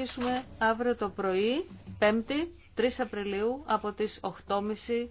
αρχίσουμε αύριο το πρωί, 5η, 3 Απριλίου, από τις 8.30